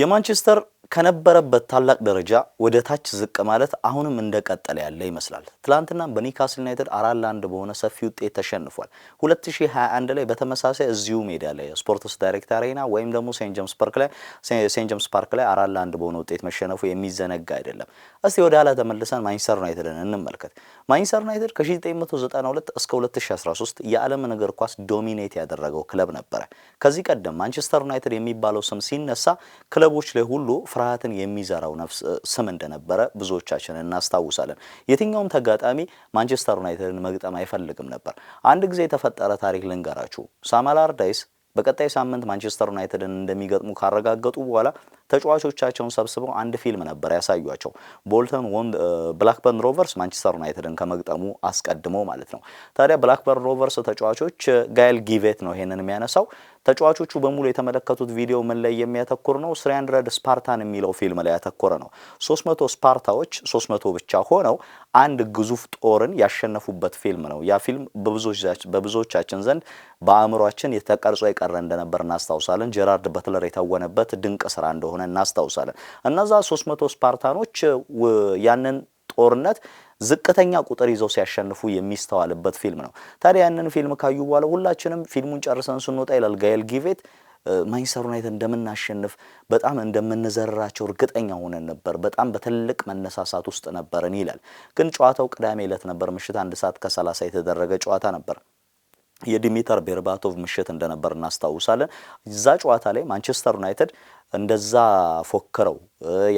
የማንቸስተር ከነበረበት ታላቅ ደረጃ ወደ ታች ዝቅ ማለት አሁንም እንደቀጠለ ያለ ይመስላል። ትላንትና በኒካስል ዩናይትድ አራት ለአንድ በሆነ ሰፊ ውጤት ተሸንፏል። 2021 ላይ በተመሳሳይ እዚሁ ሜዳ ላይ ስፖርትስ ዳይሬክት አሬና ወይም ደግሞ ሴንት ጀምስ ፓርክ ላይ ሴንት ጀምስ ፓርክ ላይ አራት ለአንድ በሆነ ውጤት መሸነፉ የሚዘነጋ አይደለም። እስቲ ወደ ኋላ ተመልሰን ማንቸስተር ዩናይትድን እንመልከት። ማንችስተር ዩናይትድ ከ1992 እስከ 2013 የዓለምን እግር ኳስ ዶሚኔት ያደረገው ክለብ ነበረ። ከዚህ ቀደም ማንችስተር ዩናይትድ የሚባለው ስም ሲነሳ ክለቦች ላይ ሁሉ ፍርሃትን የሚዘራው ነፍስ ስም እንደነበረ ብዙዎቻችን እናስታውሳለን። የትኛውም ተጋጣሚ ማንችስተር ዩናይትድን መግጠም አይፈልግም ነበር። አንድ ጊዜ የተፈጠረ ታሪክ ልንገራችሁ። ሳም አላርዳይስ በቀጣይ ሳምንት ማንቸስተር ዩናይትድን እንደሚገጥሙ ካረጋገጡ በኋላ ተጫዋቾቻቸውን ሰብስበው አንድ ፊልም ነበር ያሳዩቸው። ቦልተን ብላክበርን ሮቨርስ ማንቸስተር ዩናይትድን ከመግጠሙ አስቀድሞ ማለት ነው። ታዲያ ብላክበርን ሮቨርስ ተጫዋቾች ጋይል ጊቬት ነው ይሄንን የሚያነሳው ተጫዋቾቹ በሙሉ የተመለከቱት ቪዲዮ ምን ላይ የሚያተኩር ነው? 300 ስፓርታን የሚለው ፊልም ላይ ያተኮረ ነው። 300 ስፓርታዎች 300 ብቻ ሆነው አንድ ግዙፍ ጦርን ያሸነፉበት ፊልም ነው። ያ ፊልም በብዙዎቻችን ዘንድ በአእምሯችን የተቀርጾ የቀረ እንደነበር እናስታውሳለን። ጀራርድ በትለር የተወነበት ድንቅ ስራ እንደሆነ እናስታውሳለን። እነዛ 300 ስፓርታኖች ያንን ጦርነት ዝቅተኛ ቁጥር ይዘው ሲያሸንፉ የሚስተዋልበት ፊልም ነው። ታዲያ ያንን ፊልም ካዩ በኋላ ሁላችንም ፊልሙን ጨርሰን ስንወጣ ይላል ጋኤል ጊቬት ማንቸስተር ዩናይትድ እንደምናሸንፍ በጣም እንደምንዘራቸው እርግጠኛ ሆነን ነበር። በጣም በትልቅ መነሳሳት ውስጥ ነበርን ይላል። ግን ጨዋታው ቅዳሜ ዕለት ነበር፣ ምሽት አንድ ሰዓት ከሰላሳ የተደረገ ጨዋታ ነበር። የዲሚተር ቤርባቶቭ ምሽት እንደነበር እናስታውሳለን። እዛ ጨዋታ ላይ ማንቸስተር ዩናይትድ እንደዛ ፎክረው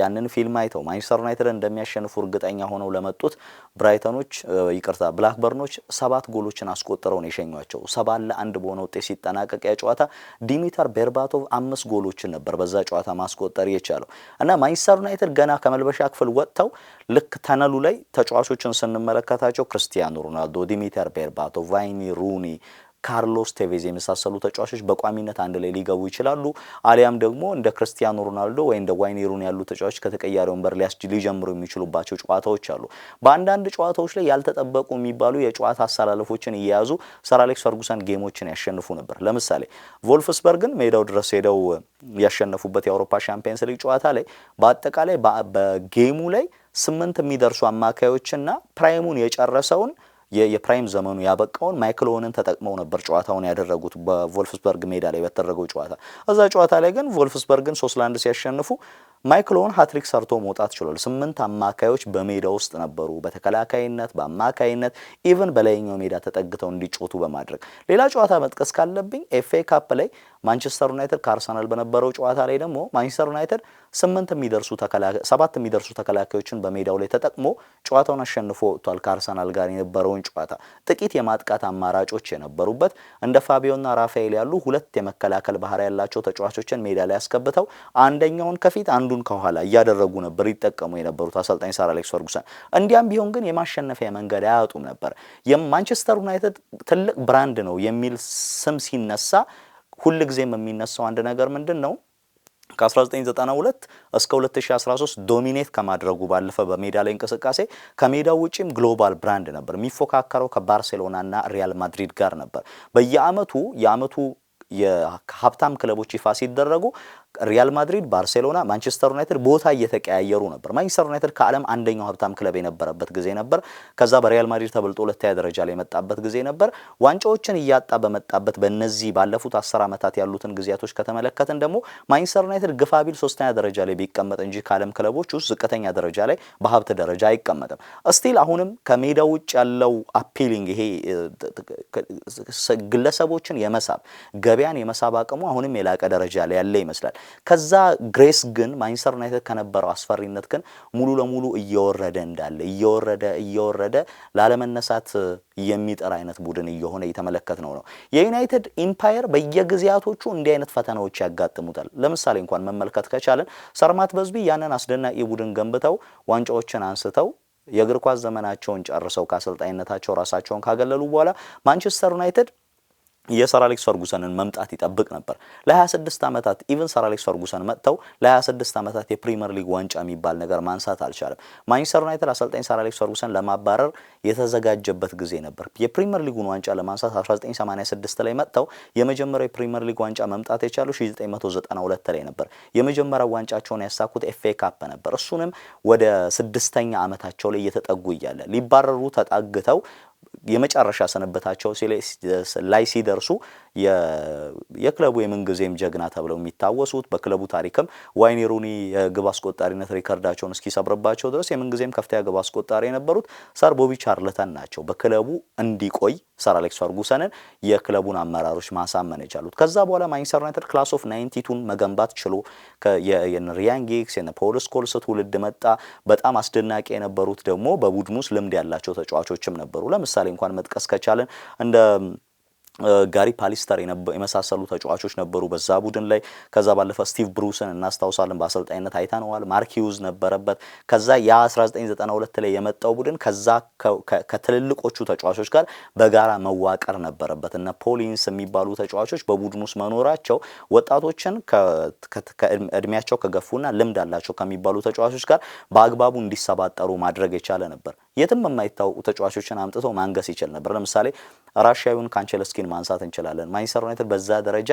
ያንን ፊልም አይተው ማንቸስተር ዩናይትድ እንደሚያሸንፉ እርግጠኛ ሆነው ለመጡት ብራይተኖች ይቅርታ ብላክበርኖች ሰባት ጎሎችን አስቆጥረው ነው የሸኟቸው። ሰባት ለአንድ በሆነ ውጤት ሲጠናቀቅ ያ ጨዋታ ዲሚተር ቤርባቶቭ አምስት ጎሎችን ነበር በዛ ጨዋታ ማስቆጠር የቻለው እና ማንቸስተር ዩናይትድ ገና ከመልበሻ ክፍል ወጥተው ልክ ተነሉ ላይ ተጫዋቾችን ስንመለከታቸው ክርስቲያኖ ሮናልዶ፣ ዲሚተር ቤርባቶቭ፣ ቫይኒ ሩኒ ካርሎስ ቴቬዝ የመሳሰሉ ተጫዋቾች በቋሚነት አንድ ላይ ሊገቡ ይችላሉ። አሊያም ደግሞ እንደ ክርስቲያኖ ሮናልዶ ወይ እንደ ዋይኔ ሩኒ ያሉ ተጫዋቾች ከተቀያሪ ወንበር ሊጀምሩ የሚችሉባቸው ጨዋታዎች አሉ። በአንዳንድ ጨዋታዎች ላይ ያልተጠበቁ የሚባሉ የጨዋታ አሰላለፎችን እየያዙ ሰር አሌክስ ፈርጉሰን ጌሞችን ያሸንፉ ነበር። ለምሳሌ ቮልፍስበርግን ሜዳው ድረስ ሄደው ያሸነፉበት የአውሮፓ ሻምፒየንስ ሊግ ጨዋታ ላይ በአጠቃላይ በጌሙ ላይ ስምንት የሚደርሱ አማካዮችና ፕራይሙን የጨረሰውን የፕራይም ዘመኑ ያበቃውን ማይክል ኦወንን ተጠቅመው ነበር ጨዋታውን ያደረጉት በቮልፍስበርግ ሜዳ ላይ በተደረገው ጨዋታ። እዛ ጨዋታ ላይ ግን ቮልፍስበርግን ሶስት ለአንድ ሲያሸንፉ ማይክል ኦወን ሀትሪክ ሰርቶ መውጣት ችሏል። ስምንት አማካዮች በሜዳ ውስጥ ነበሩ፣ በተከላካይነት፣ በአማካይነት ኢቨን በላይኛው ሜዳ ተጠግተው እንዲጮቱ በማድረግ ሌላ ጨዋታ መጥቀስ ካለብኝ ኤፍ ኤ ካፕ ላይ ማንቸስተር ዩናይትድ ከአርሰናል በነበረው ጨዋታ ላይ ደግሞ ማንቸስተር ዩናይትድ ስምንት የሚደርሱ ሰባት የሚደርሱ ተከላካዮችን በሜዳው ላይ ተጠቅሞ ጨዋታውን አሸንፎ ወጥቷል። ከአርሰናል ጋር የነበረውን ጨዋታ ጥቂት የማጥቃት አማራጮች የነበሩበት እንደ ፋቢዮና ራፋኤል ያሉ ሁለት የመከላከል ባህሪ ያላቸው ተጫዋቾችን ሜዳ ላይ አስገብተው አንደኛውን ከፊት አንዱን ከኋላ እያደረጉ ነበር ይጠቀሙ የነበሩት አሰልጣኝ ሰር አሌክስ ፈርጉሰን። እንዲያም ቢሆን ግን የማሸነፊያ መንገድ አያጡም ነበር። የማንቸስተር ዩናይትድ ትልቅ ብራንድ ነው የሚል ስም ሲነሳ ሁልጊዜም የሚነሳው አንድ ነገር ምንድን ነው? ከ1992 እስከ 2013 ዶሚኔት ከማድረጉ ባለፈ በሜዳ ላይ እንቅስቃሴ ከሜዳው ውጪም ግሎባል ብራንድ ነበር። የሚፎካከረው ከባርሴሎናና ሪያል ማድሪድ ጋር ነበር። በየአመቱ የአመቱ የሀብታም ክለቦች ይፋ ሲደረጉ ሪያል ማድሪድ፣ ባርሴሎና፣ ማንቸስተር ዩናይትድ ቦታ እየተቀያየሩ ነበር። ማንቸስተር ዩናይትድ ከዓለም አንደኛው ሀብታም ክለብ የነበረበት ጊዜ ነበር። ከዛ በሪያል ማድሪድ ተበልጦ ሁለተኛ ደረጃ ላይ የመጣበት ጊዜ ነበር። ዋንጫዎችን እያጣ በመጣበት በእነዚህ ባለፉት አስር ዓመታት ያሉትን ጊዜያቶች ከተመለከትን ደግሞ ማንቸስተር ዩናይትድ ግፋቢል ሶስተኛ ደረጃ ላይ ቢቀመጥ እንጂ ከዓለም ክለቦች ውስጥ ዝቅተኛ ደረጃ ላይ በሀብት ደረጃ አይቀመጥም። እስቲል አሁንም ከሜዳ ውጭ ያለው አፒሊንግ ይሄ ግለሰቦችን የመሳብ ገበያን የመሳብ አቅሙ አሁንም የላቀ ደረጃ ላይ ያለ ይመስላል። ከዛ ግሬስ ግን ማንቸስተር ዩናይትድ ከነበረው አስፈሪነት ግን ሙሉ ለሙሉ እየወረደ እንዳለ እየወረደ እየወረደ ላለመነሳት የሚጥር አይነት ቡድን እየሆነ እየተመለከት ነው ነው የዩናይትድ ኢምፓየር በየጊዜያቶቹ እንዲህ አይነት ፈተናዎች ያጋጥሙታል። ለምሳሌ እንኳን መመልከት ከቻለን ሰርማት በዝቢ ያንን አስደናቂ ቡድን ገንብተው ዋንጫዎችን አንስተው የእግር ኳስ ዘመናቸውን ጨርሰው ከአሰልጣኝነታቸው ራሳቸውን ካገለሉ በኋላ ማንቸስተር ዩናይትድ የሰር አሌክስ ፈርጉሰንን መምጣት ይጠብቅ ነበር። ለ26 ዓመታት ኢቨን ሰር አሌክስ ፈርጉሰን መጥተው ለ26 ዓመታት የፕሪሚየር ሊግ ዋንጫ የሚባል ነገር ማንሳት አልቻለም። ማንቸስተር ዩናይትድ አሰልጣኝ ሰር አሌክስ ፈርጉሰን ለማባረር የተዘጋጀበት ጊዜ ነበር። የፕሪሚየር ሊጉን ዋንጫ ለማንሳት 1986 ላይ መጥተው የመጀመሪያው የፕሪሚየር ሊግ ዋንጫ መምጣት የቻሉ 1992 ላይ ነበር። የመጀመሪያው ዋንጫቸውን ያሳኩት ኤፍኤ ካፕ ነበር። እሱንም ወደ ስድስተኛ ዓመታቸው ላይ እየተጠጉ እያለ ሊባረሩ ተጣግተው የመጨረሻ ሰነበታቸው ላይ ሲደርሱ የክለቡ የምንጊዜም ጀግና ተብለው የሚታወሱት በክለቡ ታሪክም ዋይኒ ሩኒ የግብ አስቆጣሪነት ሪከርዳቸውን እስኪሰብርባቸው ድረስ የምንጊዜም ከፍተኛ ግብ አስቆጣሪ የነበሩት ሰር ቦቢ ቻርልተን ናቸው። በክለቡ እንዲቆይ ሰር አሌክስ ፈርጉሰንን የክለቡን አመራሮች ማሳመን የቻሉት። ከዛ በኋላ ማንቸስተር ዩናይትድ ክላስ ኦፍ ናይንቲቱን መገንባት ችሎ ሪያን ጊግስ የነ ፖል ስኮልስ ትውልድ መጣ። በጣም አስደናቂ የነበሩት ደግሞ በቡድን ውስጥ ልምድ ያላቸው ተጫዋቾችም ነበሩ። ለምሳሌ እንኳን መጥቀስ ከቻለን እንደ ጋሪ ፓሊስተር የመሳሰሉ ተጫዋቾች ነበሩ በዛ ቡድን ላይ። ከዛ ባለፈ ስቲቭ ብሩስን እናስታውሳለን በአሰልጣኝነት አይተነዋል። ማርኪውዝ ነበረበት። ከዛ የ 1992 ላይ የመጣው ቡድን ከዛ ከትልልቆቹ ተጫዋቾች ጋር በጋራ መዋቀር ነበረበት። እነ ፖሊንስ የሚባሉ ተጫዋቾች በቡድን ውስጥ መኖራቸው ወጣቶችን እድሜያቸው ከገፉና ልምድ አላቸው ከሚባሉ ተጫዋቾች ጋር በአግባቡ እንዲሰባጠሩ ማድረግ የቻለ ነበር። የትም የማይታወቁ ተጫዋቾችን አምጥተው ማንገስ ይችል ነበር። ለምሳሌ ራሽያዊውን ካንቸለስኪን ዩናይትድ ማንሳት እንችላለን። ማንቸስተር ዩናይትድ በዛ ደረጃ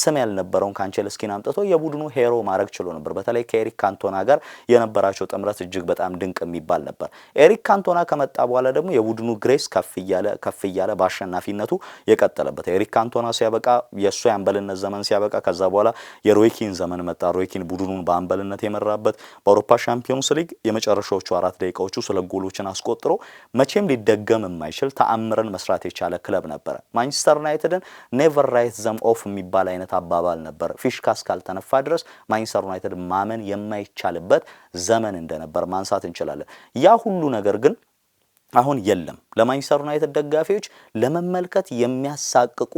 ስም ያልነበረውን ካንቸልስኪን አምጥቶ የቡድኑ ሄሮ ማድረግ ችሎ ነበር። በተለይ ከኤሪክ ካንቶና ጋር የነበራቸው ጥምረት እጅግ በጣም ድንቅ የሚባል ነበር። ኤሪክ ካንቶና ከመጣ በኋላ ደግሞ የቡድኑ ግሬስ ከፍ እያለ ከፍ እያለ በአሸናፊነቱ የቀጠለበት ኤሪክ ካንቶና ሲያበቃ የእሱ የአንበልነት ዘመን ሲያበቃ ከዛ በኋላ የሮይኪን ዘመን መጣ። ሮይኪን ቡድኑን በአንበልነት የመራበት በአውሮፓ ሻምፒዮንስ ሊግ የመጨረሻዎቹ አራት ደቂቃዎቹ ስለ ጎሎችን አስቆጥሮ መቼም ሊደገም የማይችል ተአምረን መስራት የቻለ ክለብ ነበረ ማንቸስተር ማንቸስተር ዩናይትድን ኔቨር ራይት ዘም ኦፍ የሚባል አይነት አባባል ነበር። ፊሽካ እስካልተነፋ ድረስ ማንቸስተር ዩናይትድ ማመን የማይቻልበት ዘመን እንደነበር ማንሳት እንችላለን። ያ ሁሉ ነገር ግን አሁን የለም። ለማንቸስተር ዩናይትድ ደጋፊዎች ለመመልከት የሚያሳቅቁ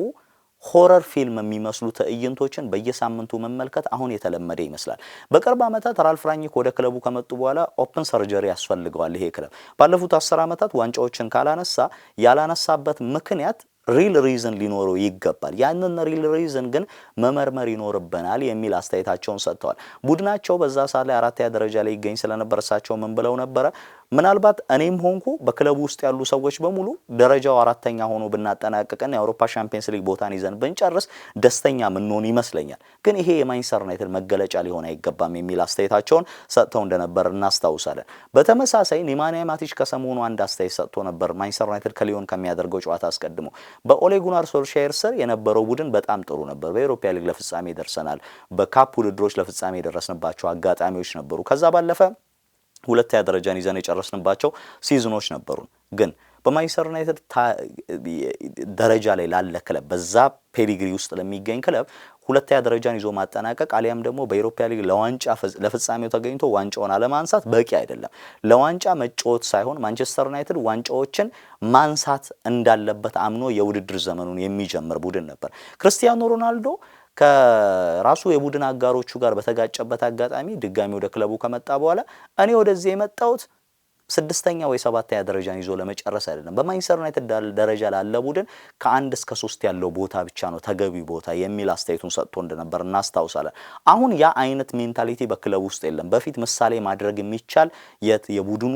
ሆረር ፊልም የሚመስሉ ትዕይንቶችን በየሳምንቱ መመልከት አሁን የተለመደ ይመስላል። በቅርብ ዓመታት ራልፍ ራኒክ ወደ ክለቡ ከመጡ በኋላ ኦፕን ሰርጀሪ ያስፈልገዋል። ይሄ ክለብ ባለፉት አስር ዓመታት ዋንጫዎችን ካላነሳ ያላነሳበት ምክንያት ሪል ሪዝን ሊኖረው ይገባል። ያንን ሪል ሪዝን ግን መመርመር ይኖርብናል የሚል አስተያየታቸውን ሰጥተዋል። ቡድናቸው በዛ ሰዓት ላይ አራተኛ ደረጃ ላይ ይገኝ ስለነበር እሳቸው ምን ብለው ነበረ? ምናልባት እኔም ሆንኩ በክለቡ ውስጥ ያሉ ሰዎች በሙሉ ደረጃው አራተኛ ሆኖ ብናጠናቅቅና የአውሮፓ ሻምፒየንስ ሊግ ቦታን ይዘን ብንጨርስ ደስተኛ ምንሆን ይመስለኛል። ግን ይሄ የማንችስተር ዩናይትድ መገለጫ ሊሆን አይገባም የሚል አስተያየታቸውን ሰጥተው እንደነበር እናስታውሳለን። በተመሳሳይ ኒማንያ ማቲች ከሰሞኑ አንድ አስተያየት ሰጥቶ ነበር። ማንችስተር ዩናይትድ ከሊዮን ከሚያደርገው ጨዋታ አስቀድሞ በኦሌጉናር ሶልሻየር ስር የነበረው ቡድን በጣም ጥሩ ነበር። በኤሮፓ ሊግ ለፍጻሜ ደርሰናል። በካፕ ውድድሮች ለፍጻሜ የደረስንባቸው አጋጣሚዎች ነበሩ። ከዛ ባለፈ ሁለተኛ ደረጃን ይዘን የጨረስንባቸው ሲዝኖች ነበሩ ግን በማንቸስተር ዩናይትድ ደረጃ ላይ ላለ ክለብ በዛ ፔዲግሪ ውስጥ ለሚገኝ ክለብ ሁለተኛ ደረጃን ይዞ ማጠናቀቅ አሊያም ደግሞ በኢሮፓ ሊግ ለዋንጫ ለፍጻሜው ተገኝቶ ዋንጫውን አለማንሳት በቂ አይደለም። ለዋንጫ መጫወት ሳይሆን ማንቸስተር ዩናይትድ ዋንጫዎችን ማንሳት እንዳለበት አምኖ የውድድር ዘመኑን የሚጀምር ቡድን ነበር። ክርስቲያኖ ሮናልዶ ከራሱ የቡድን አጋሮቹ ጋር በተጋጨበት አጋጣሚ ድጋሚ ወደ ክለቡ ከመጣ በኋላ እኔ ወደዚህ የመጣሁት ስድስተኛ ወይ ሰባተኛ ደረጃን ይዞ ለመጨረስ አይደለም። በማንችስተር ዩናይትድ ደረጃ ላለ ቡድን ከአንድ እስከ ሶስት ያለው ቦታ ብቻ ነው ተገቢ ቦታ የሚል አስተያየቱን ሰጥቶ እንደነበር እናስታውሳለን። አሁን ያ አይነት ሜንታሊቲ በክለብ ውስጥ የለም። በፊት ምሳሌ ማድረግ የሚቻል የት የቡድኑ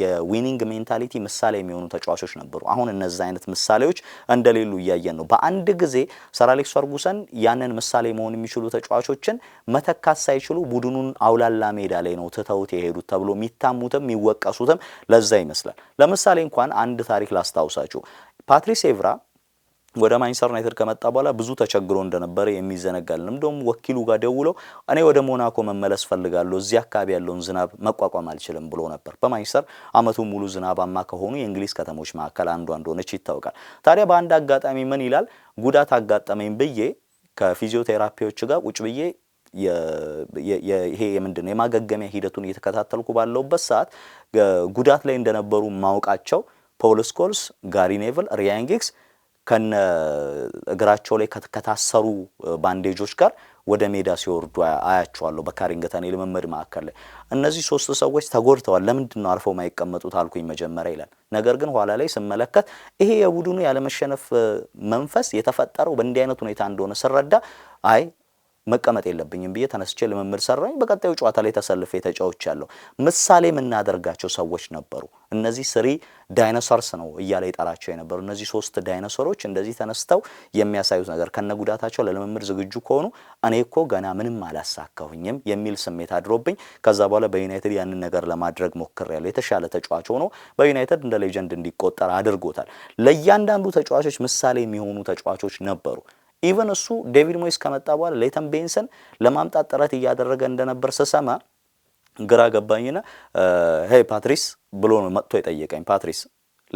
የዊኒንግ ሜንታሊቲ ምሳሌ የሚሆኑ ተጫዋቾች ነበሩ። አሁን እነዚህ አይነት ምሳሌዎች እንደሌሉ እያየን ነው። በአንድ ጊዜ ሰር አሌክስ ፈርጉሰን ያንን ምሳሌ መሆን የሚችሉ ተጫዋቾችን መተካት ሳይችሉ ቡድኑን አውላላ ሜዳ ላይ ነው ትተውት የሄዱት ተብሎ የሚታሙትም የሚወቀሱትም ለዛ ይመስላል። ለምሳሌ እንኳን አንድ ታሪክ ላስታውሳችሁ ፓትሪስ ኤቭራ ወደ ማንቸስተር ዩናይትድ ከመጣ በኋላ ብዙ ተቸግሮ እንደነበረ የሚዘነጋልን እንደውም ወኪሉ ጋር ደውለው እኔ ወደ ሞናኮ መመለስ ፈልጋለሁ እዚህ አካባቢ ያለውን ዝናብ መቋቋም አልችልም ብሎ ነበር። በማንቸስተር አመቱ ሙሉ ዝናባማ ከሆኑ የእንግሊዝ ከተሞች መካከል አንዷ እንደሆነች ይታወቃል። ታዲያ በአንድ አጋጣሚ ምን ይላል ጉዳት አጋጠመኝ ብዬ ከፊዚዮቴራፒዎች ጋር ቁጭ ብዬ ይሄ ምንድን ነው የማገገሚያ ሂደቱን እየተከታተልኩ ባለውበት ሰዓት ጉዳት ላይ እንደነበሩ ማውቃቸው ፖል ስኮልስ፣ ጋሪ ኔቭል፣ ሪያን ጊግስ ከነ እግራቸው ላይ ከታሰሩ ባንዴጆች ጋር ወደ ሜዳ ሲወርዱ አያቸዋለሁ በካሪንግተን የልምምድ ማዕከል ላይ። እነዚህ ሶስት ሰዎች ተጎድተዋል፣ ለምንድን ነው አልፈው የማይቀመጡት አልኩኝ መጀመሪያ ይላል። ነገር ግን ኋላ ላይ ስመለከት ይሄ የቡድኑ ያለመሸነፍ መንፈስ የተፈጠረው በእንዲህ አይነት ሁኔታ እንደሆነ ስረዳ አይ መቀመጥ የለብኝም ብዬ ተነስቼ ልምምድ ሰራኝ። በቀጣዩ ጨዋታ ላይ ተሰልፌ ተጫውቻለሁ። ምሳሌ የምናደርጋቸው ሰዎች ነበሩ። እነዚህ ስሪ ዳይኖሰርስ ነው እያለ ይጠራቸው የነበሩ እነዚህ ሶስት ዳይኖሰሮች እንደዚህ ተነስተው የሚያሳዩት ነገር ከነጉዳታቸው ለልምምድ ዝግጁ ከሆኑ እኔ እኮ ገና ምንም አላሳካሁኝም የሚል ስሜት አድሮብኝ ከዛ በኋላ በዩናይትድ ያንን ነገር ለማድረግ ሞክሬያለሁ። የተሻለ ተጫዋች ሆኖ በዩናይትድ እንደ ሌጀንድ እንዲቆጠር አድርጎታል። ለእያንዳንዱ ተጫዋቾች ምሳሌ የሚሆኑ ተጫዋቾች ነበሩ። ኢቨን እሱ ዴቪድ ሞይስ ከመጣ በኋላ ሌተን ቤንሰን ለማምጣት ጥረት እያደረገ እንደነበር ስሰማ ግራ ገባኝና ሄይ ፓትሪስ ብሎ ነው መጥቶ የጠየቀኝ። ፓትሪስ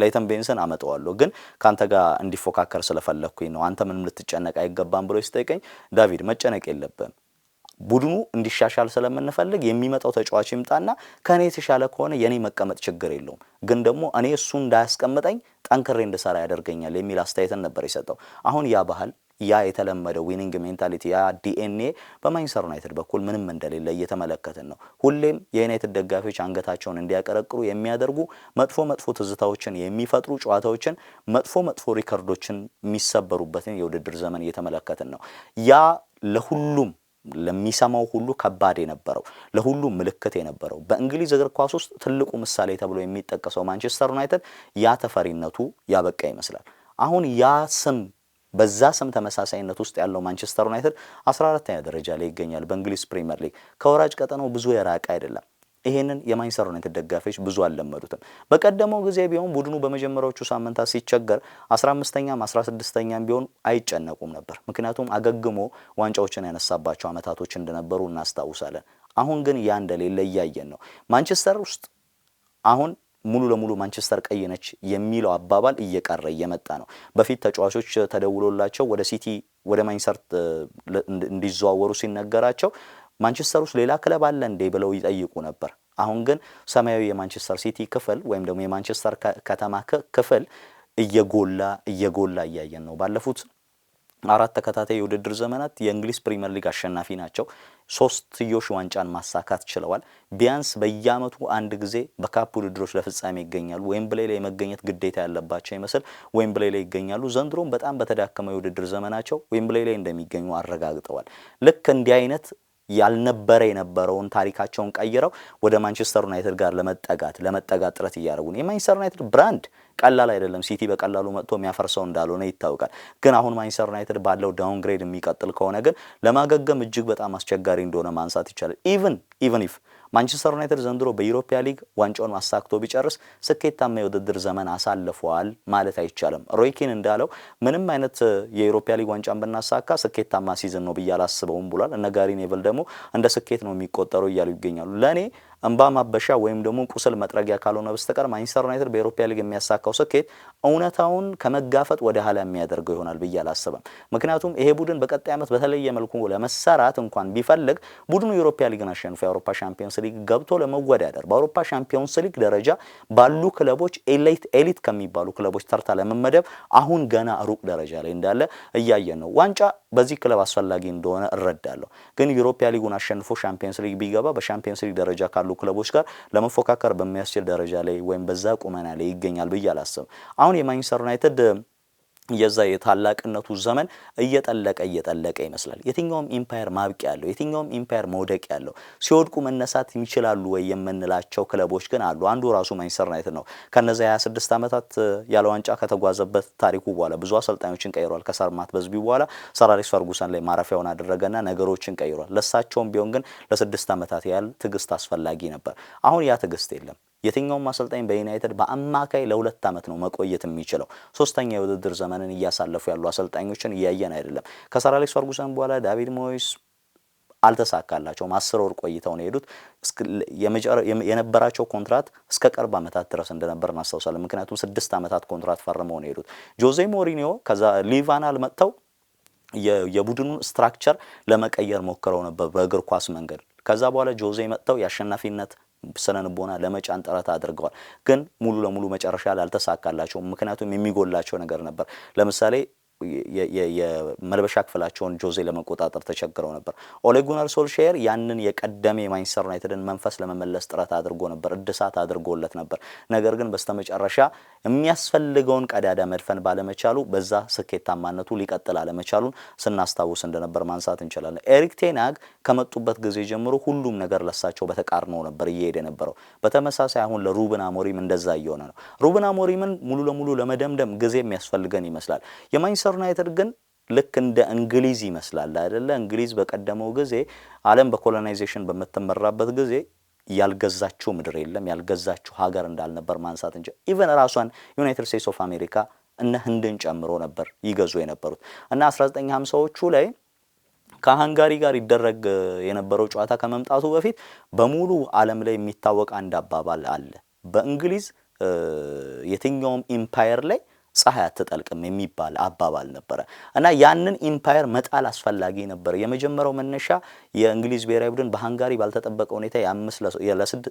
ሌተን ቤንሰን አመጣዋለሁ ግን ከአንተ ጋር እንዲፎካከር ስለፈለግኩኝ ነው፣ አንተ ምንም ልትጨነቅ አይገባም ብሎ ሲጠይቀኝ፣ ዳቪድ መጨነቅ የለብም ቡድኑ እንዲሻሻል ስለምንፈልግ የሚመጣው ተጫዋች ይምጣና ከእኔ የተሻለ ከሆነ የእኔ መቀመጥ ችግር የለውም፣ ግን ደግሞ እኔ እሱ እንዳያስቀምጠኝ ጠንክሬ እንድሰራ ያደርገኛል የሚል አስተያየትን ነበር የሰጠው። አሁን ያ ባህል ያ የተለመደ ዊኒንግ ሜንታሊቲ ያ ዲኤንኤ በማንችስተር ዩናይትድ በኩል ምንም እንደሌለ እየተመለከትን ነው። ሁሌም የዩናይትድ ደጋፊዎች አንገታቸውን እንዲያቀረቅሩ የሚያደርጉ መጥፎ መጥፎ ትዝታዎችን የሚፈጥሩ ጨዋታዎችን፣ መጥፎ መጥፎ ሪከርዶችን የሚሰበሩበትን የውድድር ዘመን እየተመለከትን ነው። ያ ለሁሉም ለሚሰማው ሁሉ ከባድ የነበረው ለሁሉም ምልክት የነበረው በእንግሊዝ እግር ኳስ ውስጥ ትልቁ ምሳሌ ተብሎ የሚጠቀሰው ማንቸስተር ዩናይትድ ያ ተፈሪነቱ ያበቃ ይመስላል። አሁን ያ ስም በዛ ስም ተመሳሳይነት ውስጥ ያለው ማንቸስተር ዩናይትድ 14ኛ ደረጃ ላይ ይገኛል። በእንግሊዝ ፕሪምየር ሊግ ከወራጅ ቀጠናው ብዙ የራቀ አይደለም። ይሄንን የማንቸስተር ዩናይትድ ደጋፊዎች ብዙ አልለመዱትም። በቀደመው ጊዜ ቢሆን ቡድኑ በመጀመሪያዎቹ ሳምንታት ሲቸገር 15ኛም 16ኛም ቢሆን አይጨነቁም ነበር። ምክንያቱም አገግሞ ዋንጫዎችን ያነሳባቸው ዓመታቶች እንደነበሩ እናስታውሳለን። አሁን ግን ያ እንደሌለ እያየን ነው። ማንቸስተር ውስጥ አሁን ሙሉ ለሙሉ ማንቸስተር ቀይ ነች የሚለው አባባል እየቀረ እየመጣ ነው። በፊት ተጫዋቾች ተደውሎላቸው ወደ ሲቲ ወደ ማንቸስተር እንዲዘዋወሩ ሲነገራቸው ማንቸስተር ውስጥ ሌላ ክለብ አለ እንዴ ብለው ይጠይቁ ነበር። አሁን ግን ሰማያዊ የማንቸስተር ሲቲ ክፍል ወይም ደግሞ የማንቸስተር ከተማ ክፍል እየጎላ እየጎላ እያየን ነው። ባለፉት አራት ተከታታይ የውድድር ዘመናት የእንግሊዝ ፕሪምየር ሊግ አሸናፊ ናቸው። ሶስትዮሽ ዋንጫን ማሳካት ችለዋል። ቢያንስ በየአመቱ አንድ ጊዜ በካፕ ውድድሮች ለፍጻሜ ይገኛሉ። ዌምብሌይ ላይ መገኘት ግዴታ ያለባቸው ይመስል ዌምብሌይ ላይ ይገኛሉ። ዘንድሮም በጣም በተዳከመ የውድድር ዘመናቸው ዌምብሌይ ላይ እንደሚገኙ አረጋግጠዋል። ልክ እንዲህ አይነት ያልነበረ የነበረውን ታሪካቸውን ቀይረው ወደ ማንቸስተር ዩናይትድ ጋር ለመጠጋት ለመጠጋት ጥረት እያደረጉ ነው። የማንቸስተር ዩናይትድ ብራንድ ቀላል አይደለም። ሲቲ በቀላሉ መጥቶ የሚያፈርሰው እንዳልሆነ ይታወቃል። ግን አሁን ማንቸስተር ዩናይትድ ባለው ዳውንግሬድ የሚቀጥል ከሆነ ግን ለማገገም እጅግ በጣም አስቸጋሪ እንደሆነ ማንሳት ይቻላል። ኢቨን ኢቨን ኢፍ ማንቸስተር ዩናይትድ ዘንድሮ በዩሮፒያ ሊግ ዋንጫውን አሳክቶ ቢጨርስ ስኬታማ የውድድር ዘመን አሳልፈዋል ማለት አይቻልም። ሮይኪን እንዳለው ምንም አይነት የዩሮፒያ ሊግ ዋንጫን ብናሳካ ስኬታማ ሲዝን ነው ብዬ አላስበውም ብሏል። እነ ጋሪ ኔቭል ደግሞ እንደ ስኬት ነው የሚቆጠሩ እያሉ ይገኛሉ። ለእኔ እንባ ማበሻ ወይም ደግሞ ቁስል መጥረጊያ ካልሆነ በስተቀር ማንቸስተር ዩናይትድ በኤሮፓ ሊግ የሚያሳካው ስኬት እውነታውን ከመጋፈጥ ወደ ኋላ የሚያደርገው ይሆናል ብዬ አላስብም። ምክንያቱም ይሄ ቡድን በቀጣይ ዓመት በተለየ መልኩ ለመሰራት እንኳን ቢፈልግ ቡድኑ የኤሮፓ ሊግን አሸንፎ የአውሮፓ ሻምፒዮንስ ሊግ ገብቶ ለመወዳደር በአውሮፓ ሻምፒዮንስ ሊግ ደረጃ ባሉ ክለቦች ኤሊት ኤሊት ከሚባሉ ክለቦች ተርታ ለመመደብ አሁን ገና ሩቅ ደረጃ ላይ እንዳለ እያየን ነው ዋንጫ በዚህ ክለብ አስፈላጊ እንደሆነ እረዳለሁ። ግን ዩሮፓ ሊጉን አሸንፎ ሻምፒየንስ ሊግ ቢገባ በሻምፒየንስ ሊግ ደረጃ ካሉ ክለቦች ጋር ለመፎካከር በሚያስችል ደረጃ ላይ ወይም በዛ ቁመና ላይ ይገኛል ብዬ አላስብም። አሁን የማንቸስተር ዩናይትድ የዛ የታላቅነቱ ዘመን እየጠለቀ እየጠለቀ ይመስላል። የትኛውም ኢምፓየር ማብቂያ ያለው፣ የትኛውም ኢምፓየር መውደቅ ያለው፣ ሲወድቁ መነሳት ይችላሉ ወይ የምንላቸው ክለቦች ግን አሉ። አንዱ ራሱ ማንቸስተር ዩናይትድ ነው። ከነዚ 26 ዓመታት ያለ ዋንጫ ከተጓዘበት ታሪኩ በኋላ ብዙ አሰልጣኞችን ቀይሯል። ከሰርማት በዝቢ በኋላ ሰር አሌክስ ፈርጉሰን ላይ ማረፊያውን አደረገና ነገሮችን ቀይሯል። ለሳቸውም ቢሆን ግን ለስድስት ዓመታት ያህል ትዕግስት አስፈላጊ ነበር። አሁን ያ ትዕግስት የለም። የትኛውም አሰልጣኝ በዩናይትድ በአማካይ ለሁለት ዓመት ነው መቆየት የሚችለው። ሶስተኛ የውድድር ዘመንን እያሳለፉ ያሉ አሰልጣኞችን እያየን አይደለም። ከሰር አሌክስ ፈርጉሰን በኋላ ዳቪድ ሞይስ አልተሳካላቸውም። አስር ወር ቆይተው ነው የሄዱት። የነበራቸው ኮንትራት እስከ ቅርብ ዓመታት ድረስ እንደነበር እናስታውሳለን። ምክንያቱም ስድስት ዓመታት ኮንትራት ፈርመው ነው የሄዱት። ጆዜ ሞሪኒዮ ከዛ ሊቫናል መጥተው የቡድኑን ስትራክቸር ለመቀየር ሞክረው ነበር በእግር ኳስ መንገድ። ከዛ በኋላ ጆዜ መጥተው የአሸናፊነት ስነልቦና ለመጫን ጥረት አድርገዋል። ግን ሙሉ ለሙሉ መጨረሻ ላልተሳካላቸው ምክንያቱም የሚጎላቸው ነገር ነበር። ለምሳሌ የመልበሻ ክፍላቸውን ጆዜ ለመቆጣጠር ተቸግረው ነበር። ኦሌ ሶልሼር ያንን የቀደመ የማንቸስተር ዩናይትድን መንፈስ ለመመለስ ጥረት አድርጎ ነበር፣ እድሳት አድርጎለት ነበር። ነገር ግን በስተመጨረሻ የሚያስፈልገውን ቀዳዳ መድፈን ባለመቻሉ በዛ ስኬታማነቱ ሊቀጥል አለመቻሉን ስናስታውስ እንደነበር ማንሳት እንችላለን። ኤሪክ ቴናግ ከመጡበት ጊዜ ጀምሮ ሁሉም ነገር ለሳቸው በተቃርኖ ነበር እየሄደ ነበረው። በተመሳሳይ አሁን ለሩብን አሞሪም እንደዛ እየሆነ ነው። ሩብን አሞሪምን ሙሉ ለሙሉ ለመደምደም ጊዜ የሚያስፈልገን ይመስላል። የማንቸስተር ዩናይትድ ግን ልክ እንደ እንግሊዝ ይመስላል አይደለ? እንግሊዝ በቀደመው ጊዜ ዓለም በኮሎናይዜሽን በምትመራበት ጊዜ ያልገዛችው ምድር የለም ያልገዛችው ሀገር እንዳልነበር ማንሳት እንጂ ኢቨን ራሷን ዩናይትድ ስቴትስ ኦፍ አሜሪካ እነ ህንድን ጨምሮ ነበር ይገዙ የነበሩት እና 1950ዎቹ ላይ ከሃንጋሪ ጋር ይደረግ የነበረው ጨዋታ ከመምጣቱ በፊት በሙሉ ዓለም ላይ የሚታወቅ አንድ አባባል አለ። በእንግሊዝ የትኛውም ኢምፓየር ላይ ፀሐይ አትጠልቅም የሚባል አባባል ነበረ እና ያንን ኢምፓየር መጣል አስፈላጊ ነበር። የመጀመሪያው መነሻ የእንግሊዝ ብሔራዊ ቡድን በሃንጋሪ ባልተጠበቀ ሁኔታ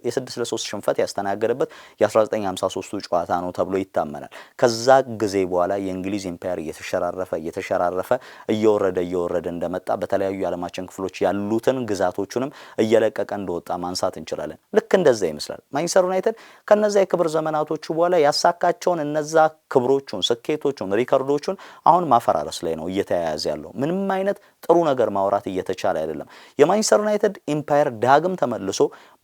የስድስት ለሶስት ሽንፈት ያስተናገደበት የ1953ቱ ጨዋታ ነው ተብሎ ይታመናል። ከዛ ጊዜ በኋላ የእንግሊዝ ኢምፓየር እየተሸራረፈ እየተሸራረፈ እየወረደ እየወረደ እንደመጣ በተለያዩ የዓለማችን ክፍሎች ያሉትን ግዛቶቹንም እየለቀቀ እንደወጣ ማንሳት እንችላለን። ልክ እንደዛ ይመስላል ማንችስተር ዩናይትድ ከነዛ የክብር ዘመናቶቹ በኋላ ያሳካቸውን እነዛ ክብሮቹ ያመጣናቸውን ስኬቶቹን ሪከርዶቹን አሁን ማፈራረስ ላይ ነው እየተያያዘ ያለው። ምንም አይነት ጥሩ ነገር ማውራት እየተቻለ አይደለም። የማንቸስተር ዩናይትድ ኢምፓየር ዳግም ተመልሶ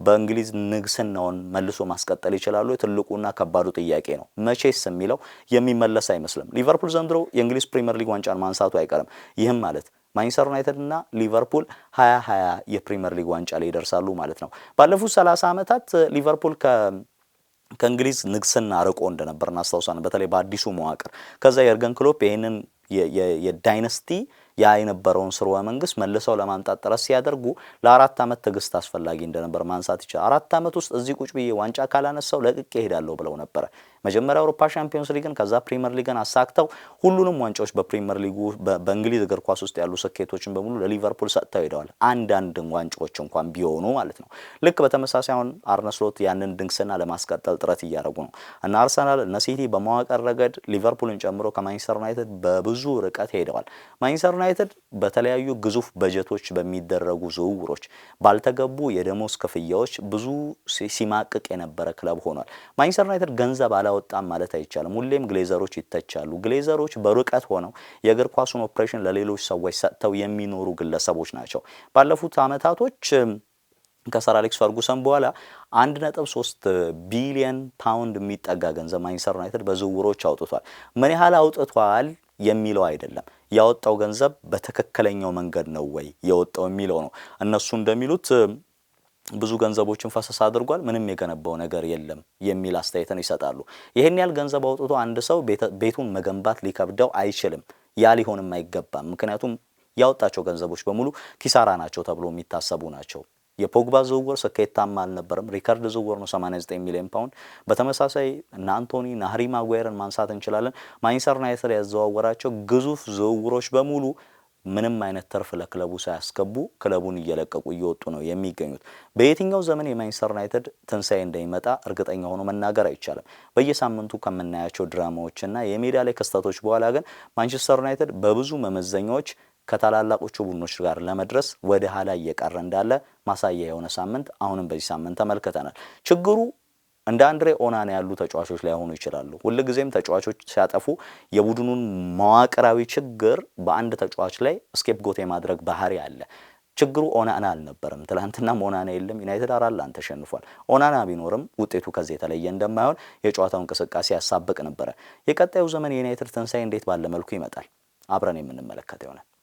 በእንግሊዝ ንግስናውን መልሶ ማስቀጠል ይችላሉ? ትልቁና ከባዱ ጥያቄ ነው። መቼስ የሚለው የሚመለስ አይመስልም። ሊቨርፑል ዘንድሮ የእንግሊዝ ፕሪምየር ሊግ ዋንጫን ማንሳቱ አይቀርም። ይህም ማለት ማንቸስተር ዩናይትድ እና ሊቨርፑል 2020 የፕሪምየር ሊግ ዋንጫ ላይ ይደርሳሉ ማለት ነው። ባለፉት 30 ዓመታት ሊቨርፑል ከ ከእንግሊዝ ንግስና ርቆ እንደነበር እናስታውሳለን። በተለይ በአዲሱ መዋቅር ከዛ የእርገን ክሎፕ ይህንን የዳይነስቲ ያ የነበረውን ስርወ መንግስት መልሰው ለማምጣት ጥረት ሲያደርጉ ለአራት ዓመት ትዕግስት አስፈላጊ እንደነበር ማንሳት ይችላል። አራት ዓመት ውስጥ እዚህ ቁጭ ብዬ ዋንጫ ካላነሳው ለቅቄ እሄዳለሁ ብለው ነበረ። መጀመሪያ አውሮፓ ሻምፒዮንስ ሊግን ከዛ ፕሪሚየር ሊግን አሳክተው ሁሉንም ዋንጫዎች በፕሪሚየር ሊጉ በእንግሊዝ እግር ኳስ ውስጥ ያሉ ስኬቶችን በሙሉ ለሊቨርፑል ሰጥተው ሄደዋል። አንዳንድ ዋንጫዎች እንኳን ቢሆኑ ማለት ነው። ልክ በተመሳሳይ አሁን አርነ ስሎት ያንን ድንቅስና ለማስቀጠል ጥረት እያደረጉ ነው። እና አርሰናል እነ ሲቲ በመዋቀር ረገድ ሊቨርፑልን ጨምሮ ከማንቸስተር ዩናይትድ በብዙ ርቀት ሄደዋል። ማንቸስተር ዩናይትድ በተለያዩ ግዙፍ በጀቶች በሚደረጉ ዝውውሮች፣ ባልተገቡ የደሞዝ ክፍያዎች ብዙ ሲማቅቅ የነበረ ክለብ ሆኗል። ማንቸስተር ዩናይትድ ገንዘብ አለ አላወጣም ማለት አይቻልም። ሁሌም ግሌዘሮች ይተቻሉ። ግሌዘሮች በርቀት ሆነው የእግር ኳሱን ኦፕሬሽን ለሌሎች ሰዎች ሰጥተው የሚኖሩ ግለሰቦች ናቸው። ባለፉት አመታቶች ከሰር አሌክስ ፈርጉሰን በኋላ 1.3 ቢሊየን ፓውንድ የሚጠጋ ገንዘብ ማንችስተር ዩናይትድ በዝውውሮች አውጥቷል። ምን ያህል አውጥቷል የሚለው አይደለም ያወጣው ገንዘብ በትክክለኛው መንገድ ነው ወይ የወጣው የሚለው ነው። እነሱ እንደሚሉት ብዙ ገንዘቦችን ፈሰስ አድርጓል፣ ምንም የገነባው ነገር የለም የሚል አስተያየትን ይሰጣሉ። ይህን ያህል ገንዘብ አውጥቶ አንድ ሰው ቤቱን መገንባት ሊከብደው አይችልም፣ ያ ሊሆንም አይገባም። ምክንያቱም ያወጣቸው ገንዘቦች በሙሉ ኪሳራ ናቸው ተብሎ የሚታሰቡ ናቸው። የፖግባ ዝውውር ስኬታማ አልነበረም። ሪከርድ ዝውውር ነው 89 ሚሊዮን ፓውንድ። በተመሳሳይ እነ አንቶኒ እና ማጓየርን ማንሳት እንችላለን። ማንችስተር ዩናይትድ ያዘዋወራቸው ግዙፍ ዝውውሮች በሙሉ ምንም አይነት ተርፍ ለክለቡ ሳያስገቡ ክለቡን እየለቀቁ እየወጡ ነው የሚገኙት። በየትኛው ዘመን የማንቸስተር ዩናይትድ ትንሣኤ እንደሚመጣ እርግጠኛ ሆኖ መናገር አይቻልም። በየሳምንቱ ከምናያቸው ድራማዎችና የሜዳ ላይ ክስተቶች በኋላ ግን ማንቸስተር ዩናይትድ በብዙ መመዘኛዎች ከታላላቆቹ ቡድኖች ጋር ለመድረስ ወደ ኋላ እየቀረ እንዳለ ማሳያ የሆነ ሳምንት አሁንም በዚህ ሳምንት ተመልክተናል። ችግሩ እንደ አንድሬ ኦናና ያሉ ተጫዋቾች ላይሆኑ ይችላሉ። ሁልጊዜም ተጫዋቾች ሲያጠፉ የቡድኑን መዋቅራዊ ችግር በአንድ ተጫዋች ላይ ስኬፕጎት የማድረግ ባህሪ አለ። ችግሩ ኦናና አልነበረም። ትናንትናም ኦናና የለም። ዩናይትድ አራላን ተሸንፏል። ኦናና ቢኖርም ውጤቱ ከዚህ የተለየ እንደማይሆን የጨዋታው እንቅስቃሴ ያሳብቅ ነበረ። የቀጣዩ ዘመን የዩናይትድ ትንሳኤ እንዴት ባለ መልኩ ይመጣል? አብረን የምንመለከት ይሆናል።